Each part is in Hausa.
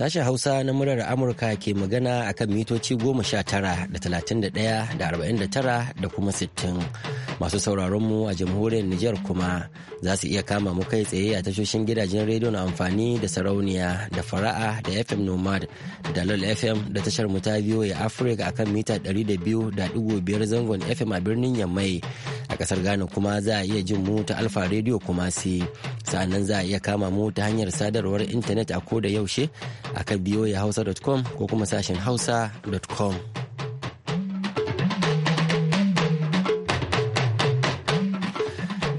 Sashen Hausa na murar Amurka ke magana a kan mitoci goma sha tara da talatin da ɗaya da arba'in tara da kuma sittin. Masu sauraronmu a jamhuriyar Nijar kuma za su iya kama mu kai tsaye a tashoshin gidajen rediyo na amfani da sarauniya da fara'a da FM Nomad da Lal FM da tashar mu ta ya Afirka a kan mita 200.5 zangon FM a birnin Yammai kasar Ghana kuma za a iya jin mu ta Alfa Radio kuma sai sa'annan za a iya kama mu ta hanyar sadarwar intanet a ko da yaushe a kan hausa.com ko kuma sashen hausa.com.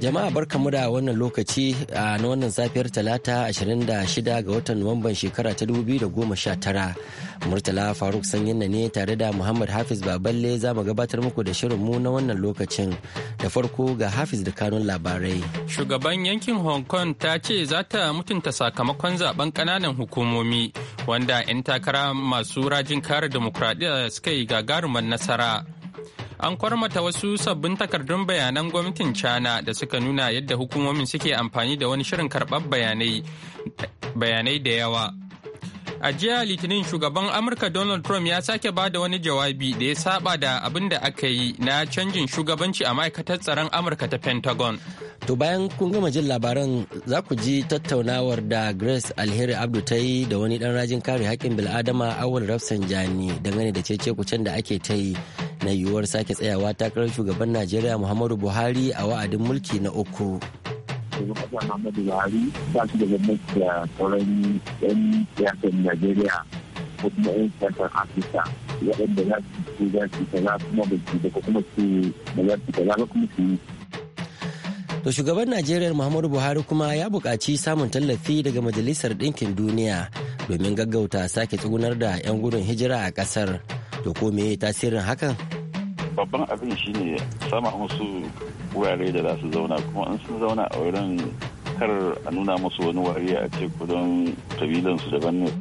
Jama'a barkamu da wannan lokaci a na wannan safiyar talata 26 ga watan Nuwamban shekara ta 2019. Murtala Faruk Sanyin ne tare da Muhammad Hafiz Baballe za mu gabatar muku da shirin mu na wannan lokacin. Da farko ga Hafiz da kanun labarai. Shugaban yankin Hong Kong ta ce za ta mutunta sakamakon zaben kananan hukumomi wanda 'yan takara masu rajin kare demokradiyya suka yi gagarumar nasara. an kwarmata wasu sabbin takardun bayanan gwamnatin china da suka nuna yadda hukumomin suke amfani da wani shirin karɓar bayanai da yawa a jiya litinin shugaban amurka donald trump ya sake ba da wani jawabi da ya saba da abin da aka yi na canjin shugabanci a ma'aikatar tsaron amurka ta pentagon to bayan kun gama jin labaran za ku ji tattaunawar da grace alheri abdu ta yi da wani dan rajin kare haƙƙin bil'adama awal rafsanjani dangane da cece kucen da ake ta yi na yiwuwar sake tsayawa takarar shugaban najeriya muhammadu buhari a wa'adin mulki na uku shugaban Muhammadu Buhari da ko kuma 'yan Afirka za kuma ko kuma To shugaban Najeriya Muhammadu Buhari kuma ya buƙaci samun tallafi daga Majalisar Ɗinkin Duniya domin gaggauta sake tsugunar da 'yan gudun hijira a ƙasar. To ko me tasirin hakan babban abin shine sama musu wurare da za su zauna kuma in sun zauna a wurin kar a nuna musu wani wariya a ce don kabilansu daban ne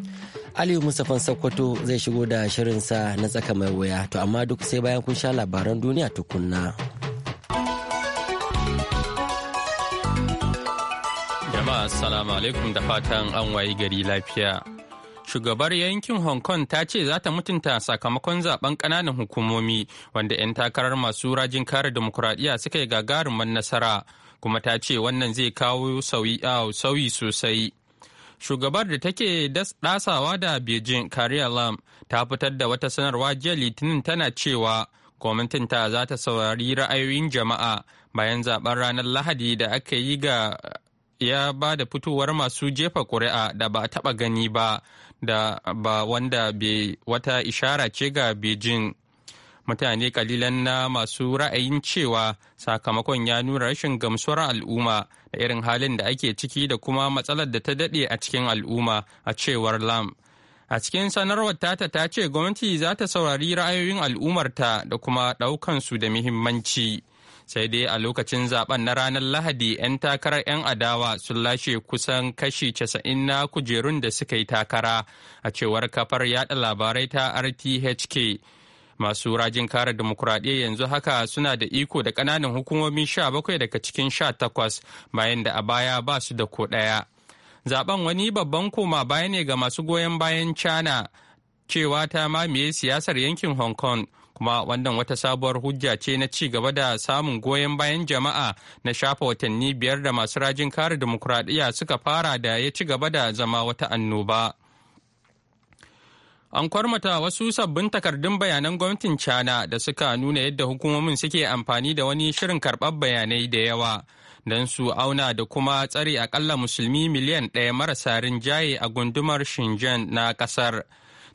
Aliyu Mustapha Sokoto zai shigo da shirinsa na tsaka mai wuya to amma duk sai bayan kun sha labaran duniya tukunna. Jama'a assalamu alaikum da fatan an wayi gari lafiya. Shugabar yankin Hong Kong ta ce za ta mutunta sakamakon zaben ƙananan hukumomi wanda 'yan takarar masu rajin kare demokuraɗiyya suka yi gagarumin nasara kuma ta ce wannan zai kawo sauyi sosai. shugabar da take dasawa da Beijing Carrie Lam ta fitar da wata sanarwa jiya Litinin tana cewa gwamnatin ta za ta saurari ra'ayoyin jama'a bayan zaben ranar Lahadi da aka yi ga ya ba da fitowar masu jefa ƙuri'a da ba a taɓa gani ba da ba wanda be wata ishara ce ga beijing mutane kalilan na masu ra'ayin cewa sakamakon ya nuna rashin gamsuwar al'umma da irin halin da ake ciki da kuma matsalar da ta daɗe a cikin al'umma a cewar lam a cikin sanarwar tata ta ce gwamnati za ta saurari ra'ayoyin al'ummarta da kuma ɗaukansu da muhimmanci. sai dai a lokacin zaben na ranar lahadi 'yan takarar 'yan adawa sun lashe kusan kashi 90 na kujerun da suka yi takara a cewar kafar yada labarai ta rthk masu rajin kare demokuraɗiyya yanzu haka suna da iko da ƙananan hukumomi 17 daga cikin 18 bayan da a baya ba su da ko ɗaya zaben wani babban koma baya ne ga masu goyon bayan cana cewa ta mamaye siyasar yankin hong kong kuma wannan wata sabuwar hujja ce na ci gaba da samun goyon bayan jama'a na shafa watanni biyar da masu rajin kare demokuraɗiyya suka fara da ya ci gaba da zama wata annoba. An kwarmata wasu sabbin takardun bayanan gwamnatin China da suka nuna yadda hukumomin suke amfani da wani shirin karɓar bayanai da yawa. don su auna da kuma tsare akalla musulmi miliyan ɗaya marasa rinjaye a gundumar Shenzhen na ƙasar.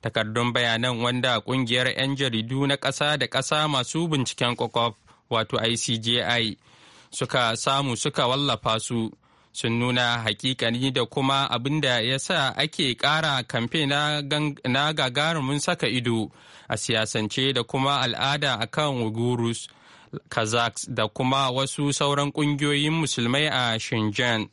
takardun bayanan wanda kungiyar 'yan jaridu na ƙasa da ƙasa masu binciken kwakwaf wato icji suka samu suka wallafa su sun nuna hakikani da kuma abin da ya sa ake ƙara kamfe na gagarumin saka ido a siyasance da kuma al'ada kan kan kazaks da kuma wasu sauran ƙungiyoyin musulmai a shenzhen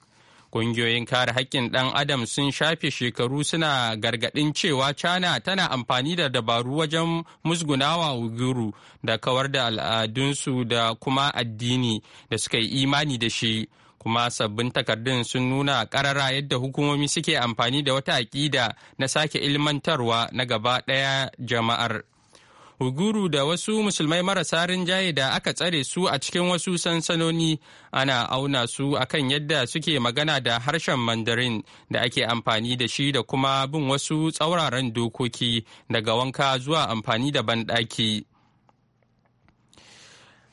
Ƙungiyoyin kare haƙƙin ɗan Adam sun shafe shekaru suna gargaɗin cewa China tana amfani da dabaru wajen musgunawa Uiguru da kawar da al'adunsu da kuma addini da suka yi imani da shi. Kuma sabbin takardun sun nuna ƙarara yadda hukumomi suke amfani da wata aƙida na sake ilmantarwa na gaba ɗaya jama'ar. Huguru da wasu musulmai marasa rinjaye da aka tsare su a cikin wasu sansanoni ana auna su akan yadda suke magana da harshen Mandarin da ake amfani da shi da kuma bin wasu tsauraran dokoki daga wanka zuwa amfani da banɗaki.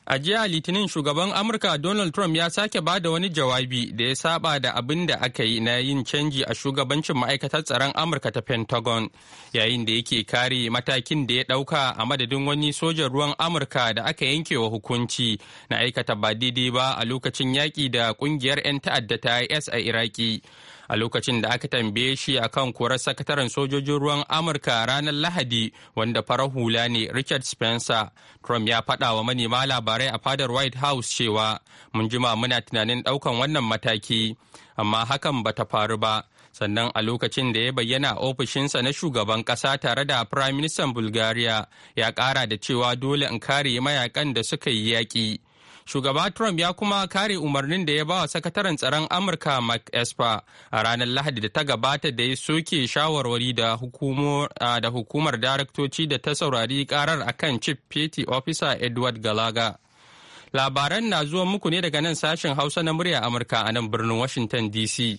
A jiya Litinin shugaban Amurka Donald Trump ya sake ba da wani jawabi da ya saba da abin da aka yi na yin canji a shugabancin ma'aikatar tsaron Amurka ta Pentagon yayin da yake kare matakin da ya dauka a madadin wani sojan ruwan Amurka da aka yanke wa hukunci na aikata ba daidai ba a lokacin yaƙi da ƙungiyar 'yan ta'adda ta IS a Iraki. a lokacin da aka tambaye shi akan korar sakataren sojojin ruwan amurka ranar lahadi wanda farar hula ne richard spencer trump ya faɗa wa manema labarai a fadar white house cewa mun jima muna tunanin ɗaukan wannan mataki amma hakan bata faru ba sannan a lokacin da ya bayyana ofishinsa na shugaban ƙasa tare da firaministan bulgaria ya ƙara da cewa dole in kare mayakan da suka yi yaƙi Shugaba Trump ya kuma kare umarnin da ya ba wa sakataren tsaron Amurka Mike Esper a ranar Lahadi da ta gabata da ya soke shawarwari da hukumar daraktoci da ta saurari karar akan Chief Petty Officer Edward Galaga. Labaran na zuwa muku ne daga nan sashen Hausa na murya Amurka a nan birnin Washington DC.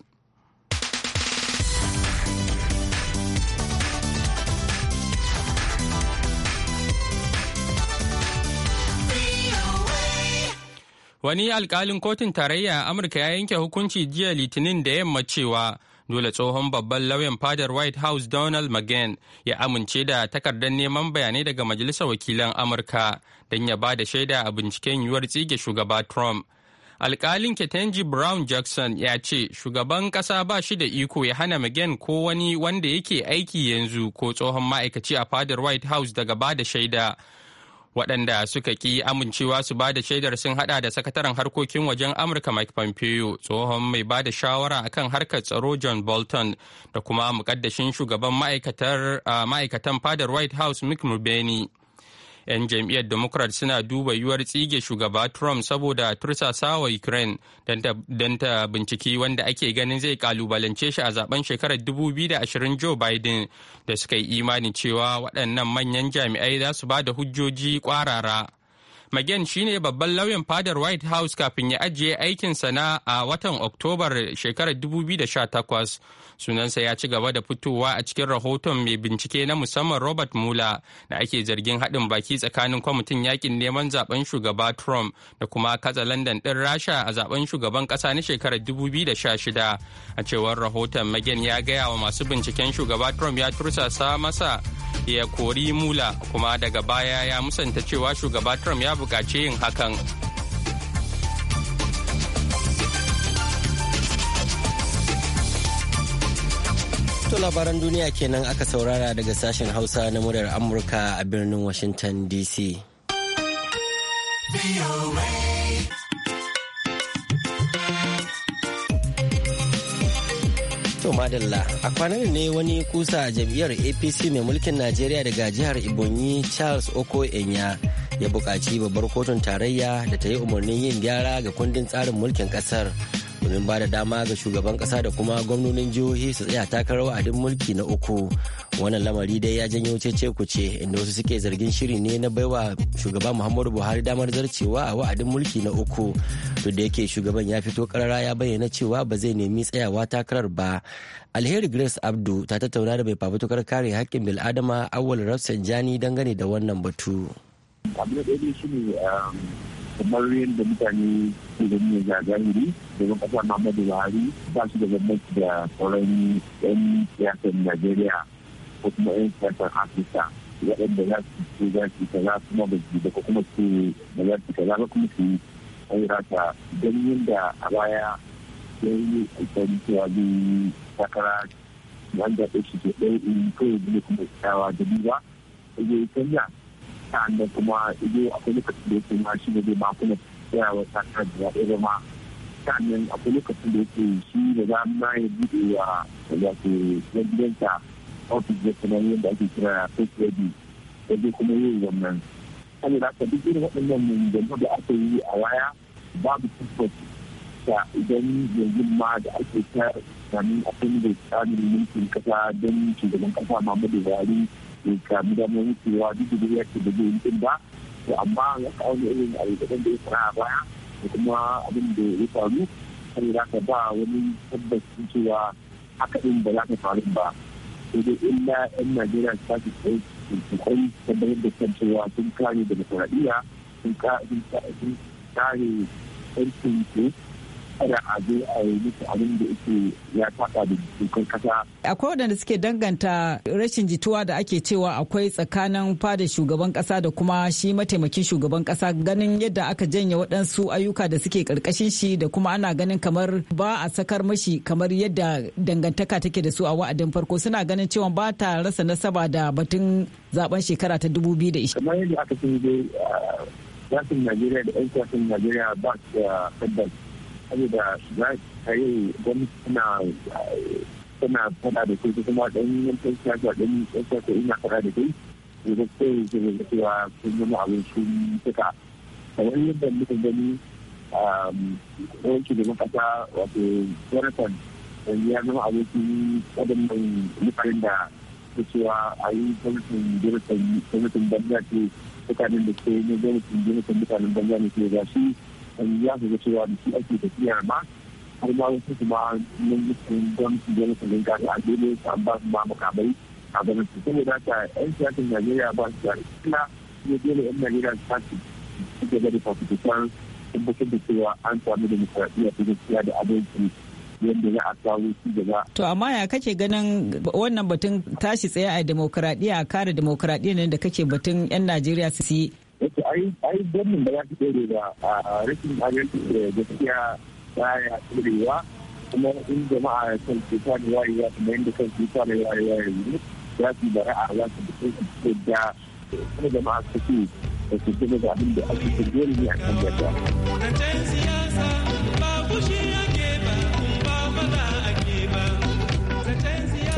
Wani alkalin kotun tarayya a Amurka ya yanke hukunci jiya Litinin da yamma cewa dole tsohon babban lauyan fadar White House Donald mcgain ya amince da takardar neman bayanai daga Majalisar Wakilan Amurka don ya ba da shaida a binciken yiwuwar tsige shugaba Trump. alkalin ketanji brown jackson ya ce shugaban kasa ba shi da iko ya hana mcgain ko wani wanda yake aiki yanzu ko tsohon ma'aikaci a fadar white house daga ba da shaida waɗanda suka ƙi amincewa su ba da shaidar sun haɗa da sakataren harkokin wajen amurka mike pompeo tsohon mai ba da shawara akan harkar tsaro john bolton da kuma mukaddashin shugaban ma'aikatan fadar white house mick mulvaney 'yan jam'iyyar democrat suna duba yiwuwar tsige shugaba trump saboda tursasawa ukraine don ta binciki wanda ake ganin zai kalubalance shi a zaben shekarar 2020 joe biden da suka yi imani cewa waɗannan manyan jami'ai za su ba da hujjoji kwarara. magen shine babban lauyan fadar White House kafin ya ajiye aikinsa na a watan Oktobar shekarar 2018. Sunansa ya ci gaba da fitowa a cikin rahoton mai bincike na musamman Robert Mueller da ake zargin haɗin baki tsakanin kwamitin yakin neman zaben shugaba Trump da kuma katsa London ɗin Rasha a zaben shugaban ƙasa na shekarar 2016. A cewar rahoton magen ya gaya wa masu binciken shugaba Trump ya tursasa masa ya kori Mueller kuma daga baya ya musanta cewa shugaba Trump ya bukaci yin hakan To labaran duniya kenan aka saurara daga sashen Hausa na murar Amurka a birnin Washington DC. To madalla a kwanan ne wani kusa jam'iyyar APC mai mulkin Najeriya daga jihar Ibonyi Charles Oko Enya ya buƙaci babbar kotun tarayya da ta yi umarnin yin gyara ga kundin tsarin mulkin ƙasar domin ba da dama ga shugaban ƙasa da kuma gwamnonin jihohi su tsaya takarar wa'adin mulki na uku wannan lamari dai ya janyo cece kuce inda wasu suke zargin shiri ne na baiwa shugaba muhammadu buhari damar zarcewa a wa'adin mulki na uku duk da yake shugaban ya fito karara ya bayyana cewa ba zai nemi tsayawa takarar ba alheri grace abdu ta tattauna da mai fafutukar kare haƙƙin bil'adama awal rafsanjani dangane da wannan batu. abu na ɗaya shi ne um, kamar yadda mutane ke gani ga zahiri daga ƙasa Muhammadu Buhari ba su da gwamnati da sauran 'yan siyasar Najeriya ko kuma 'yan siyasar Afirka waɗanda za su ce za su kaza kuma ba su da kuma su ba za su kaza ba kuma su an rata don yadda a baya ya yi alfahari cewa zai takara wanda ɗaya shi ke ɗaya in kawai zai kuma tsawa da biyu ba. Zai canja sa'annan kuma ido akwai lokacin da yake ma shi ne zai ba kuma tsayawa takarar da ya ɗaya ma sa'annan akwai lokacin da yake shi da za mu ya buɗe wa wato yan gidansa ofis da kuma yadda ake kira face ready da zai kuma yin wannan da aka duk irin waɗannan munganu da aka yi a waya babu tabbas da idan yanzu ma da ake ta sami akwai da tsarin mulkin kasa don shugaban kasa mamadu buhari sami damar wucewa duk da ya ce da zai yi ba to amma ya kawo irin alƙadan da ya fara a baya da kuma abin da ya faru saboda ka ba wani tabbacin cewa haka ɗin ba za ta faru ba sai dai illa 'yan najeriya su tashi tsaye su kwai tabbatar da kan cewa sun kare demokuraɗiyya sun kare 'yancin su kada a zo a yi musu abin da ya taɓa da dokar kasa. Akwai waɗanda suke danganta rashin jituwa da ake cewa akwai tsakanin fada shugaban kasa da kuma shi mataimakin shugaban kasa ganin yadda aka janye waɗansu ayyuka da suke karkashin shi da kuma ana ganin kamar ba a sakar mashi kamar yadda dangantaka take da su a wa'adin farko suna ganin cewa ba ta rasa nasaba da batun zaben shekara ta 2020. Kamar yadda aka sun Najeriya da 'yan Najeriya ba su saboda za ka yi gwamnati suna tana faɗa da kai kuma ɗan yankin siyasa ɗan siyasa ina fada da kai to da kai zai da cewa sun zama abin sun suka kamar yadda muka gani um, yawan da makasa wato jonathan yanzu ya zama abin abokin mai mutane da ta cewa a yi gwamnatin jonathan gwamnatin banza ke mutanen da ke yi gwamnatin jonathan mutanen banza ne ke ga hankali ya ga cewa da shi ake tafiya ma har ma wasu kuma don su da wasu linka da adele su an ba su ma makamai a ganin su da ta yan siyasar najeriya ba su da kila ne dole yan najeriya su tashi su gaba da fafutukar tabbatar da cewa an samu ta gaskiya da abinci yadda za a samu ci gaba. To amma ya kake ganin wannan batun tashi tsaye a demokaradiyya a kare demokaradiyya ne da kake batun 'yan Najeriya su yi yace ai ai gwamnan ba za ta dore ba a rashin hajjar da eh, gaskiya baya tsurewa kuma in jama'a kan cuta da wayewa kuma da kan cuta da wayewa yanzu za su bara a za su fito su fito da eh, kuma jama'a suke da su fito da abin da ake dole ne a kan jama'a.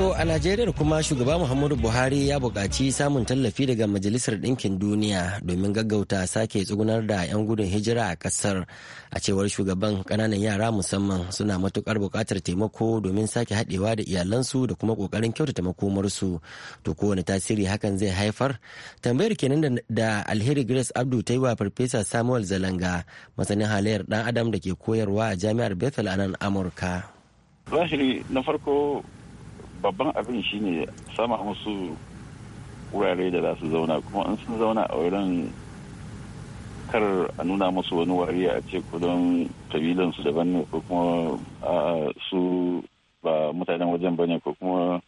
To a Najeriya kuma shugaba Muhammadu Buhari ya buƙaci samun tallafi daga Majalisar Ɗinkin Duniya domin gaggauta sake tsugunar da 'yan gudun hijira a ƙasar. A cewar shugaban ƙananan yara musamman suna matuƙar buƙatar taimako domin sake haɗewa da iyalansu da kuma ƙoƙarin kyautata makomarsu. To kowane tasiri hakan zai haifar? Tambayar kenan da Alheri Grace Abdu ta yi wa Farfesa Samuel Zalanga masanin halayyar ɗan Adam da ke koyarwa a Jami'ar Bethel a nan Amurka. Zahiri na farko babban abin shine sama musu wurare da za su zauna kuma in sun zauna a wurin kar a nuna musu wani wari a ce kudin kabilansu daban ne ko kuma a su ba mutanen wajen bane ko kuma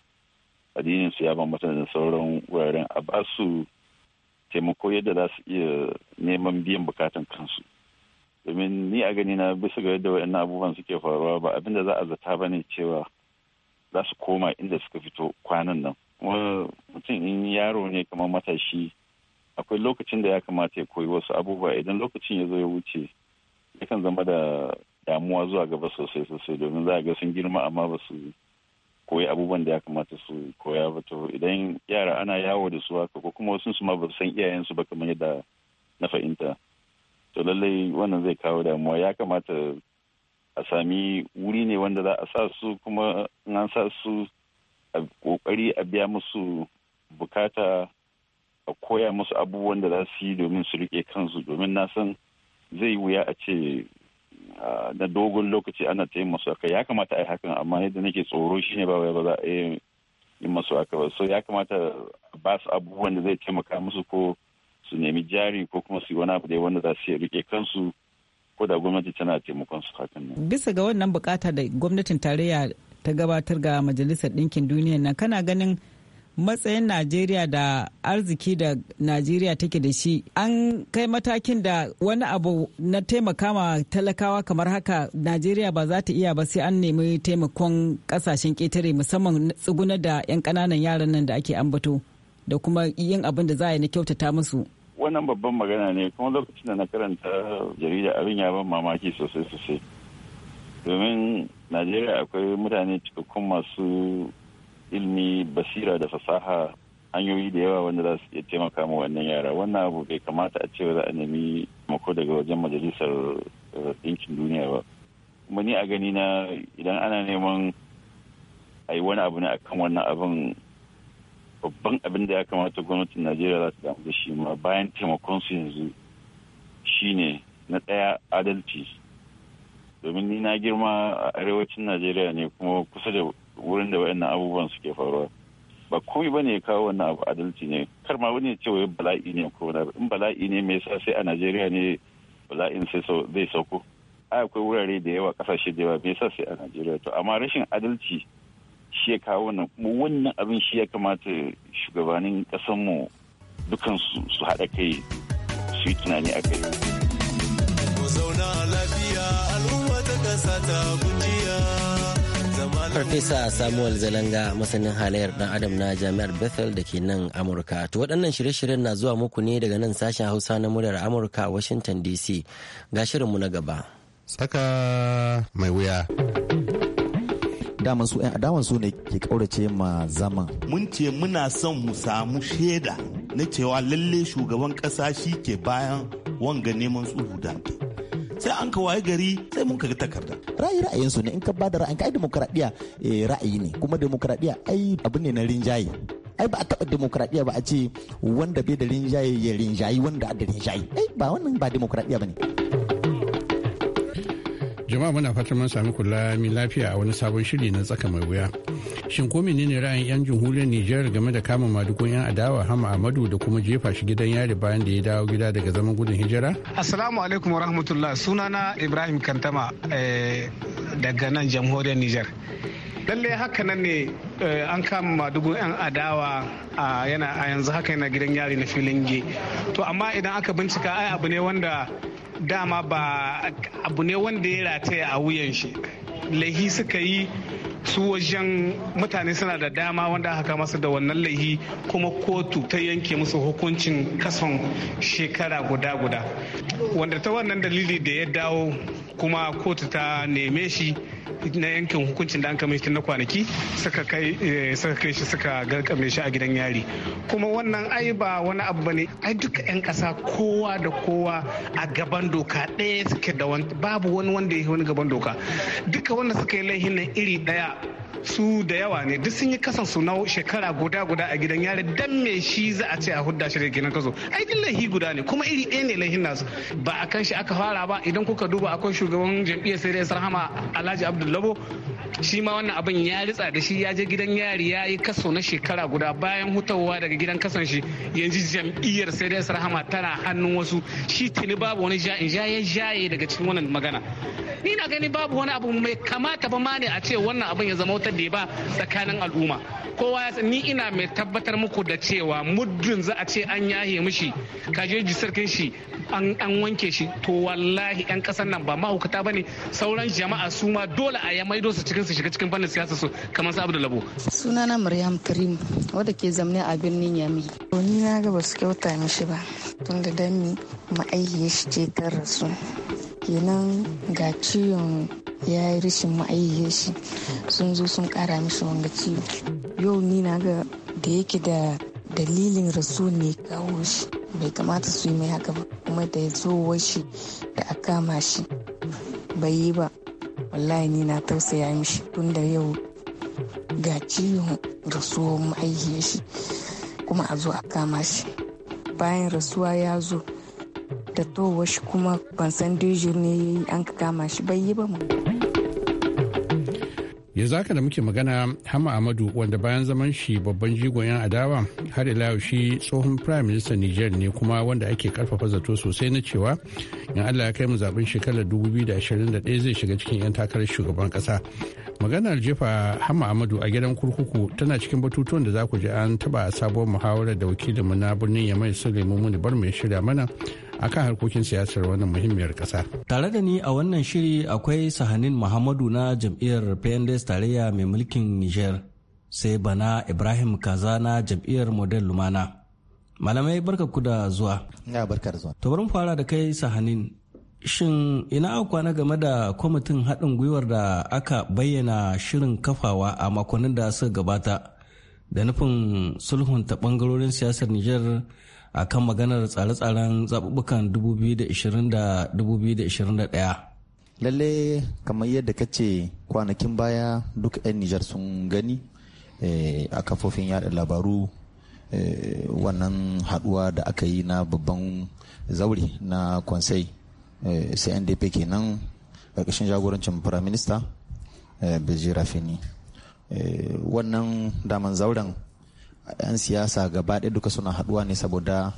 addinin su ya bambanta da sauran wuraren a ba su taimako yadda za su iya neman biyan bukatan kansu domin ni a gani na bisa ga yadda wa'annan abubuwan suke faruwa ba abinda za a zata bane cewa za su koma inda suka fito kwanan nan mutum in yaro ne kamar matashi akwai lokacin da ya kamata ya koyi wasu abubuwa idan lokacin ya zo ya wuce yakan zama da damuwa zuwa gaba sosai sosai domin za a ga sun girma amma ba su koyi abubuwan da ya kamata su koya ba to idan yara ana yawo da su haka ko kuma wasu su ma ba san iyayensu ba kamar yadda na fahimta to lallai wannan zai kawo damuwa ya kamata a sami wuri ne wanda za a sa su kuma an sa su a kokari a biya musu bukata a koya musu abubuwan da za su yi domin su rike kansu domin na san zai wuya a ce na dogon lokaci ana ta yin masu aka ya kamata a yi hakan amma yadda nake tsoro shi ne ba ba za a yi masu aka ba so ya kamata ba su abubuwan da zai taimaka musu ko su nemi jari ko kuma su yi wani abu da wanda za su rike kansu ko da gwamnati tana taimakon su hakan nan. Bisa ga wannan bukata da gwamnatin tarayya ta gabatar ga Majalisar Ɗinkin Duniya na kana ganin matsayin Najeriya da arziki da Najeriya take da shi an kai matakin da wani abu na taimaka ma talakawa kamar haka Najeriya ba za ta iya ba sai an nemi taimakon kasashen ketare musamman tsugunar da 'yan kananan yaran nan da ake ambato da kuma yin abin da za a yi na kyautata musu. wannan babban magana ne kuma lokacin da na karanta jarida abin ya ban mamaki sosai sosai domin najeriya akwai mutane cikakkun masu ilmi basira da fasaha hanyoyi da yawa wanda za su iya taimaka ma wannan yara wannan abu bai kamata a cewa za a nemi mako daga wajen majalisar eh, ɗinkin duniya ba kuma ni a gani na idan ana neman a yi wani abu ne akan wannan abin babban abin da ya kamata gwamnatin najeriya za su damu da shi ma bayan taimakon su yanzu shine na ɗaya adalci domin ni na girma a arewacin najeriya ne kuma kusa da wurin da waɗannan abubuwan suke faruwa ba komai ba ne ya kawo wannan abu adalci ne kar ma wani ya ce wai bala'i ne ko wani in bala'i ne me yasa sai a najeriya ne bala'in sai zai sauko akwai wurare da yawa kasashe da yawa me yasa sai a najeriya to amma rashin adalci shi ya kawo wannan kuma wannan abin shi ya kamata shugabannin ƙasanmu dukan su haɗa kai su yi tunani a kai. lafiya al'umma ta ta Farfesa Samuel Zalanga masanin halayyar dan Adam na Jami'ar Bethel da ke nan Amurka. To waɗannan shirye-shiryen na zuwa muku ne daga nan sashen Hausa na muryar Amurka a Washington DC. Ga shirinmu na gaba. Saka mai wuya. daman su 'yan adawan su ne ke kaurace ma zaman mun ce muna son mu samu shaida na cewa lalle shugaban kasa shi ke bayan wanga neman tsuhu da sai an ka gari sai mun kaga takarda ra'ayi ra'ayin su ne in ka ba da ra'ayin ka ai demokradiya eh, ra'ayi ne kuma demokradiya ai abu ne na rinjaye ai ba a taɓa demokradiya ba a ce wanda bai da rinjaye ya rinjayi wanda a da rinjaye ai ba wannan ba demokradiya ba ne jama'a muna fatan mun sami kula mai lafiya a wani sabon shiri na tsaka mai wuya shin ko menene ra'ayin yan jamhuriyar Nijar game da kama madukun yan adawa Hama Amadu da kuma jefa shi gidan yari bayan da ya dawo gida daga zaman gudun hijira assalamu alaikum wa rahmatullah sunana Ibrahim Kantama eh, daga nan jamhuriyar Nijar lalle haka nan ne eh, an kama madugun 'yan adawa a yana a yanzu haka yana gidan yari na filin ge to amma idan aka bincika ai abu ne wanda dama ba abu ne wanda ya rataya a wuyan shi laihi suka yi su wajen mutane suna da dama wanda aka kama da wannan laihi kuma kotu ta yanke musu hukuncin kason shekara guda-guda wanda ta wannan dalili da ya dawo kuma kotu ta neme shi na yankin hukuncin da an kama shi na kwanaki suka kai eh, suka kai shi suka garkame shi a gidan yari kuma wannan ai ba wani abu bane ai duka yan kasa kowa da kowa a gaban doka ɗaya suke da wani babu wani wanda ya yi wani gaban doka duka wanda suka yi laifin nan iri ɗaya su da yawa ne duk sun yi kasan su na shekara guda guda a gidan yari dan me shi za a ce a hudda shi da gidan kaso ai duk laihi guda ne kuma iri ɗaya ne laihin nasu ba a kan shi aka fara ba idan kuka duba akwai shugaban jam'iyyar sai dai sarhama alhaji abdullabo shi ma wannan abin ya ritsa da shi ya je gidan yari ya yi kaso na shekara guda bayan hutawa daga gidan kasan shi yanzu jam'iyyar sai dai sarhama tana hannun wasu shi tuni babu wani ja'in ja'in jaye daga cikin wannan magana ni na gani babu wani abu mai kamata ba ma ne a ce wannan abin ya zama wata ba tsakanin al'umma kowa ya ni ina mai tabbatar muku da cewa muddin za a ce an yahe mishi kaje sarkin shi an wanke shi to wallahi yan kasar nan ba mahaukata bane sauran jama'a su ma dole a yamai maido cikin su shiga cikin fannin siyasa su kamar su Abdul Labo sunana Maryam Karim wadda ke zamne a birnin Yami to ni na ga ba su kyauta mishi ba da dan mi ma'aihiyar shi ce ta rasu kenan ga ciwon ya yi rashin ma'ayyar shi sun zo sun kara mishi wanga ciwo yau ni na ga da yake da dalilin rasu ne kawo shi bai kamata su yi mai haka ba kuma da ya zo shi da a kama shi bai yi ba wallahi ni na tausaya mishi tun da yau ga ciwon rasuwar ma'ayyar shi kuma a zo a kama shi bayan rasuwa ya zo da to shi kuma ban san dejir ne an kama shi bai yi ba mu ya haka da muke magana hama amadu wanda bayan zaman shi babban jigon yan adawa har ila shi tsohon prime minister niger ne kuma wanda ake karfafa zato sosai na cewa in allah ya kai mu zaben shekarar ɗaya zai shiga cikin yan takarar shugaban ƙasa maganar jefa hama amadu a gidan kurkuku tana cikin batutuwan da za ku ji an taba a sabuwar muhawarar da wakilinmu na birnin yamai suleiman muni bar ya shirya mana akan harkokin siyasar wannan muhimmiyar kasa. Tare da ni a wannan shiri akwai Sahanin Muhammadu na jam'iyyar PNDS tarayya mai mulkin Niger sai bana Ibrahim Kaza na jam'iyyar Model Lumana. Malamai barka ku da zuwa. Ya barka da zuwa. To bari fara da kai Sahanin Shin ina kwana game da kwamitin haɗin gwiwar da aka bayyana shirin kafawa a makonnin da suka gabata da nufin sulhunta bangarorin siyasar Nijar a kan maganar tsare-tsaren zaɓuɓɓukan 2020 da 2021 lalle kamar yadda ka ce kwanakin baya duk 'yan nijar sun gani eh, a kafofin yada labaru eh, wannan haduwa da aka yi na babban zaure na konsai cndp eh, kenan ƙarƙashin jagorancin firaminista bezira fini wannan daman zauren 'yan siyasa gaba ɗaya duka suna haɗuwa ne saboda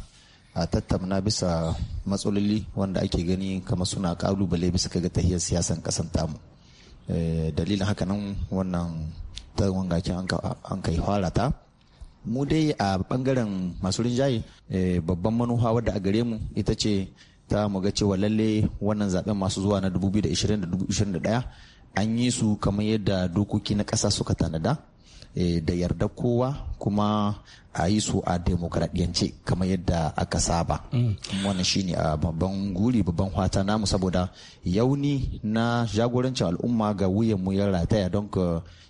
a tattauna bisa matsaloli wanda ake gani kamar suna ƙalubale bisa ga tahiyar siyasan kasan tamu eh, dalilin haka nan wannan ta wangakin an kai fara ta mu dai a bangaren masu rinjaye eh, babban manufa wadda a gare mu ita ce ta mu ga cewa lalle wannan zaben masu zuwa na 2021 an yi su kamar yadda dokoki na ƙasa suka tanada Eh, da yarda kowa kuma a yi su a demokradiyance kamar yadda aka saba mm. wannan shine a babban guri babban hata namu saboda yauni na jagorancin al'umma ga wuyanmu ya rataya don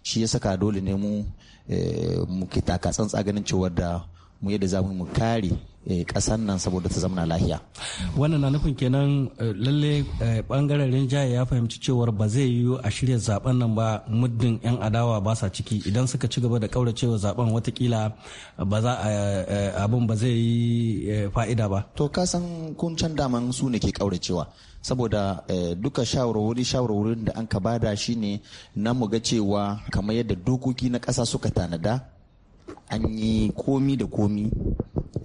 shi ya saka dole ne mu eh, mu kitaka tsantsa ganin cewar da mu yadda za mu kare kasan eh, nan saboda ta zamana lahiya wannan na nufin kenan eh, lalle bangaren eh, rinjaye ya fahimci cewar ba zai yiwu a shirya zaben nan ba muddin yan adawa ba sa ciki idan suka ci gaba da kauracewa zaben watakila ba za a abin ba zai yi fa'ida ba to kasan kun can daman su ne ke kauracewa saboda duka shawarwari shawarwarin da an ka bada ne na mu ga cewa kamar yadda dokoki na ƙasa suka tanada an yi komi da komi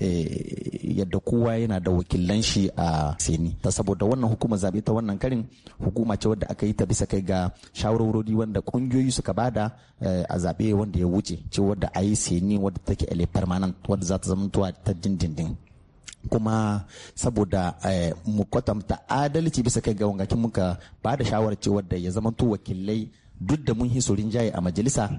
Eh, yadda kowa yana da wakilan shi a seni ta saboda wannan hukumar zaɓe ta wannan karin hukuma ce wadda aka yi ta bisa kai ga shawarwarori wanda ƙungiyoyi suka bada eh, a zaɓe wanda ya wuce ce wadda a yi seni wadda take ele permanent wadda za ta zamantowa ta dindindin kuma saboda eh, mu kwatanta adalci bisa kai ga wangakin muka ba da shawarar ce wadda ya zamanta wakilai duk da mun su rinjaye a majalisa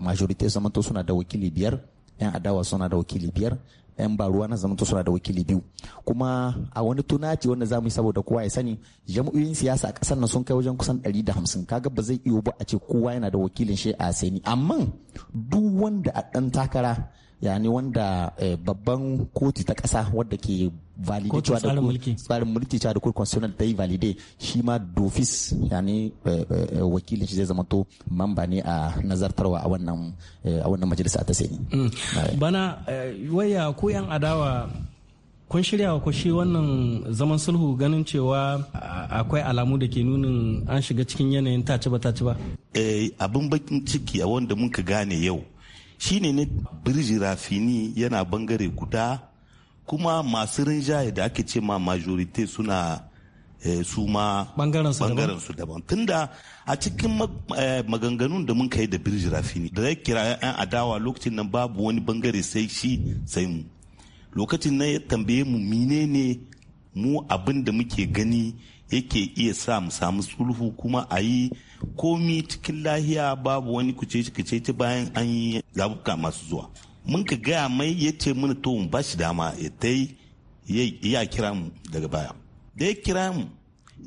majorite to suna da wakili biyar yan adawa suna da wakili biyar 'yan baruwa na zamanto suna da wakili biyu kuma a wani tunaci wanda za mu yi saboda kowa ya sani jam'iyyun siyasa a ƙasar nan sun kai wajen kusan da 150 kaga ba zai iyo ba a ce kowa yana da wakilin shi a sani amma duk wanda a ɗan takara yani wanda eh, babban koti ta ƙasa wadda ke valide cewa da tsarin mulki cewa da court constitutional ta yi valide shi ma dofis yani euh, euh, euh, wakilin shi zai zama to mamba ne a nazartarwa a wannan a wannan majalisa ta sani mm. bana eh, waya ko yan adawa kun shirya wa shi wannan zaman sulhu ganin cewa akwai alamu da ke nunin an shiga cikin yanayin ci ba ci eh, ba abin bakin ciki a wanda muka gane yau shine ne birji rafini yana bangare guda kuma masu rinjaye da ake ce ma majorite suna eh, su ma bangaren su daban tunda a cikin eh, maganganun da mun kai da birji rafini da zai kira 'yan adawa lokacin nan babu wani bangare sai shi sai mu lokacin nan ya tambaye mu mine ne mu abin da muke gani yake iya sa mu samu sulhu kuma a yi komi cikin lahiya babu wani kuce-kuce bayan an yi zabuka masu zuwa mun ka gaya mai ya ce mana to mu ba shi dama ya ta ya kira mu daga baya da ya kira mu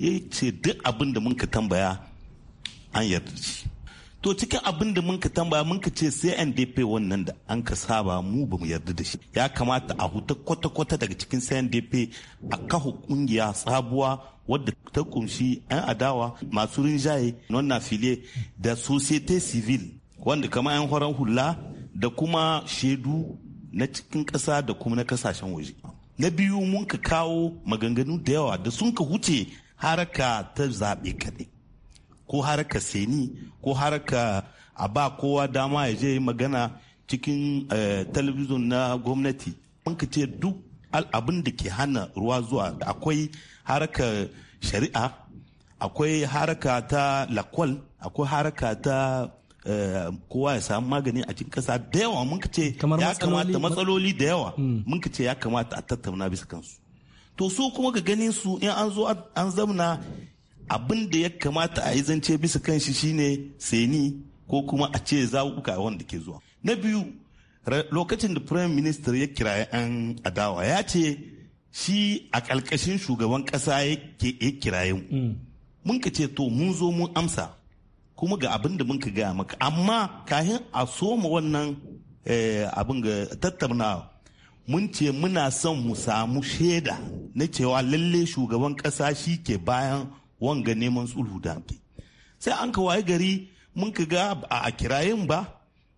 ya ce duk abin da mun ka tambaya an yarda shi to cikin abin da mun ka tambaya mun ka ce sai ndp wannan da an ka saba mu ba mu yarda da shi ya kamata a huta kwata-kwata daga cikin sai ndp a kahu kungiya sabuwa wadda ta kunshi 'yan adawa masu rinjaye non file da societe civil wanda kama 'yan horon hula da kuma shaidu na cikin ƙasa da kuma na ƙasashen waje na biyu mun ka kawo maganganu da yawa da sun ka huce haraka ta zaɓe kaɗai ko haraka seni ko haraka a ba kowa dama ya je magana cikin eh, talabijin na gwamnati mun ka ce duk abin da ke hana ruwa zuwa akwai haraka shari'a akwai haraka ta lakwal akwai haraka ta Eh, kowa ya samu magani a cikin kasa da yawa mun ce ya kamata matsaloli da yawa mm. mun ce ya kamata a tattauna bisa kansu to su kuma ga ganin su in an zo an zamna abin da ya kamata a yi zance bisa kan shine seni ko kuma a ce zaɓuɓɓuka wanda ke zuwa na biyu lokacin da prime minister ya kira yan adawa ya ce shi a ƙalƙashin shugaban ƙasa yake kiraye mu mm. mun ka ce to mun zo mun amsa kuma ga abin da muka gaya maka amma kahin a soma wannan eh, abin ga tattaunawa mun ce muna son mu samu shaida na cewa lalle shugaban ƙasa shi ke bayan wanga neman sulhu da sai an ka waye gari mun ka ga a kirayen ba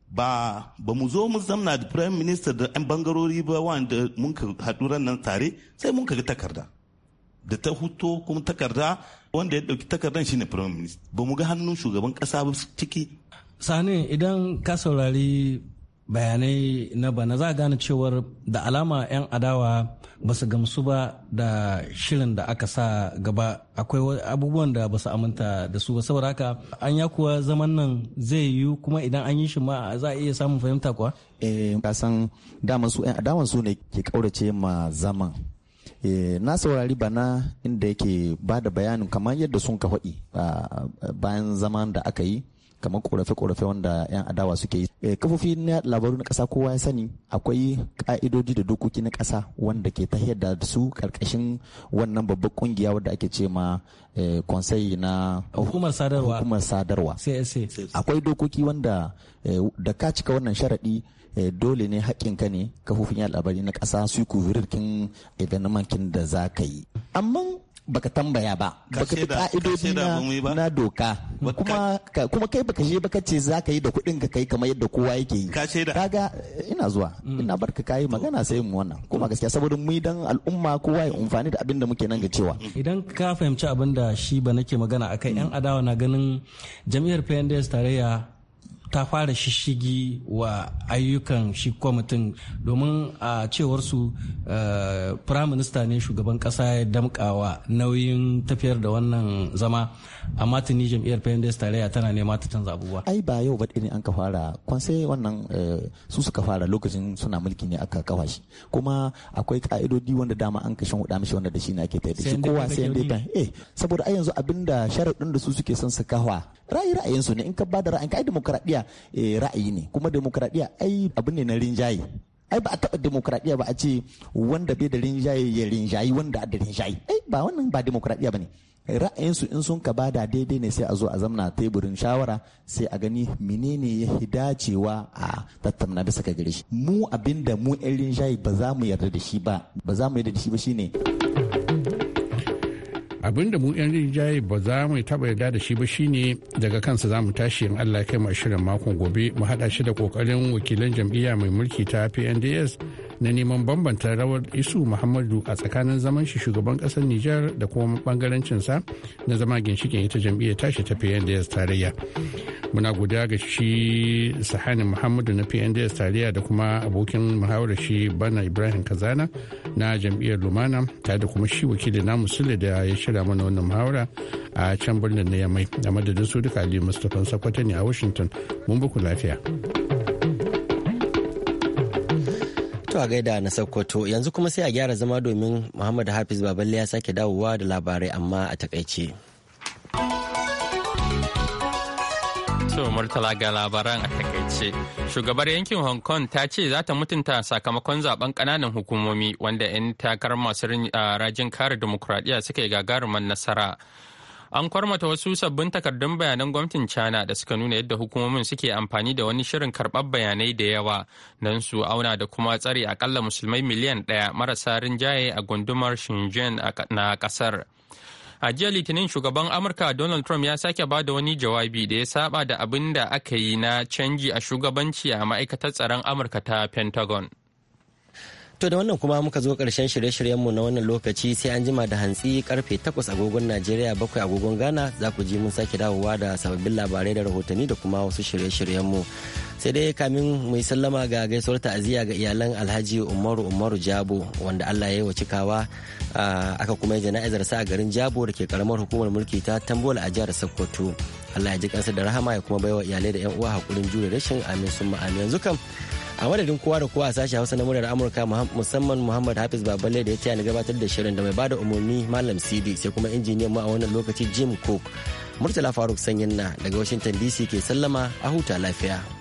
ba mu zo mu zamna da prime minister da 'yan bangarori ba wanda mun ka haɗu nan tare sai mun ka ga takarda da ta huto kuma takarda wanda ya dauki takardan shine prime minister ba mu ga hannun shugaban kasa ba ciki sani idan ka saurari bayanai na bana za gane cewar da alama 'yan adawa ba su gamsu ba da shirin da aka sa gaba akwai abubuwan da ba su aminta da su ba saboda haka an ya kuwa zaman nan zai yi kuma idan an yi shi ma za a iya samun fahimta kuwa eh kasan dama su 'yan adawan su ne ke kaurace ma zaman Eh, na saurari bana inda yake ba da bayanin kamar yadda sun ka faɗi bayan zama da aka yi kamar korafe-korafe wanda 'yan adawa suke yi eh, kafofi na labaru na ƙasa kowa ya sani akwai ƙa'idodi da dokoki na ƙasa wanda ke tahiyar da su ƙarƙashin wannan babbar ƙungiya wadda ake ce ma eh, konsai na hukumar sadarwa akwai dokoki wanda da ka cika wannan sharaɗi Eh, dole ne haƙƙinka ne kafofin yada labarai na ƙasa su yi kuvirirkin kin da za ka yi amma baka tambaya ba baka ta ka'idodi na doka kuma kuma kai baka je baka ce za ka yi da kuɗin ka kai kamar yadda kowa yake yi kaga eh, ina zuwa mm. ina barka kayi magana sai mu wannan kuma gaskiya saboda mu dan al'umma kowa ya amfani da abin da muke nan ga cewa idan ka fahimci abin da shi ba nake magana akan yan adawa na ganin jam'iyyar PNDS tarayya ta fara shishigi wa ayyukan shi kwamitin domin a su prime minister ne shugaban kasa ya damkawa nauyin tafiyar da wannan zama amma tuni jam'iyyar pnds tarayya tana nema ta canza abubuwa ai ba yau ba ne an ka fara kwanse wannan su suka fara lokacin suna mulki ne aka kafa shi kuma akwai ka'idodi wanda dama an kashin huda mishi wanda da shi ne ake tayar da shi kowa sai yanda eh saboda ai yanzu abinda sharaɗin da su suke son su kafa ra'ayi ra'ayin su ne in ka ba da ra'ayin ka ai demokradiya Eh, ra'ayi ne kuma demokradiya ai abu ne na rinjaye ai ba a taɓa demokradiya ba a ce wanda bai da rinjaye ya rinjayi wanda a da rinjaye ai eh, ba wannan ba demokradiya ba ne ra'ayinsu in sun ka bada daidai ne sai a zo a zamna teburin shawara sai a gani menene ya dacewa a tattauna da suka gare mu abinda mu yan rinjaye ba za mu yarda da shi ba ba za mu yarda da shi ba shine abin da mu yan rinjaye ba za mu taba yarda da shi ba shine daga kansa za mu tashi in Allah kai mu shirin makon gobe mu haɗa shi da kokarin wakilan jam'iyya mai mulki ta PNDS na neman bambanta rawar isu muhammadu a tsakanin zaman shi shugaban kasar nijar da kuma bangarancinsa na zama ginshikin ita jam'iyyar tashi ta pnds tarayya muna guda ga shi sahani muhammadu na pnds tarayya da kuma abokin muhawarar shi bana ibrahim kazana na jam'iyyar lumana tare da kuma shi wakili na sule da ya shirya mana wannan muhawara a can birnin na yamai a madadin su duka aliyu mustapha sakwata ne a washington mun buku lafiya. To a gaida na Sokoto yanzu kuma sai a gyara zama domin Muhammad Hafiz Baballe ya sake dawowa da labarai amma a takaice. To Murtala ga labaran a takaice. Shugabar yankin Hong Kong ta ce za ta mutunta sakamakon zaben kananan hukumomi wanda 'yan takarar masu rajin kare demokuraɗiyya suka yi gagarumar nasara. An kwarmata wasu sabbin takardun bayanan gwamnatin China da suka nuna yadda hukumomin suke amfani da wani shirin karɓar bayanai da yawa don su auna da kuma tsare akalla musulmai miliyan ɗaya marasa rinjaye a gundumar Xinjiang na ƙasar. A jiya Litinin shugaban Amurka Donald Trump ya sake ba da wani jawabi da ya saba da abin da aka yi na canji a shugabanci a ma'aikatar tsaron Amurka ta Pentagon. To da wannan kuma muka zo karshen shirye-shiryenmu na wannan lokaci sai an jima da hantsi karfe 8 agogon Najeriya bakwai agogon Ghana za ku ji mun sake dawowa da sababbin labarai da rahotanni da kuma wasu shirye-shiryenmu. Sai dai kamin mu yi sallama ga gaisuwar ta'aziyya ga iyalan Alhaji Umaru Umaru Jabo wanda Allah ya yi wa cikawa aka kuma yi jana'izar sa a garin Jabo da ke karamar hukumar mulki ta Tambola a jihar Sokoto. Allah ya ji kansa da rahama ya kuma baiwa iyalai da 'yan uwa hakurin jure rashin amin sun amin yanzu kam a madadin kowa da kowa a hausa na muryar amurka musamman muhammad hafiz babale da ya taya na gabatar da shirin da mai bada umarni malam cd sai kuma injiniyan mu a wannan lokaci jim cook murtala faruk sanyin na daga washington dc ke sallama a huta lafiya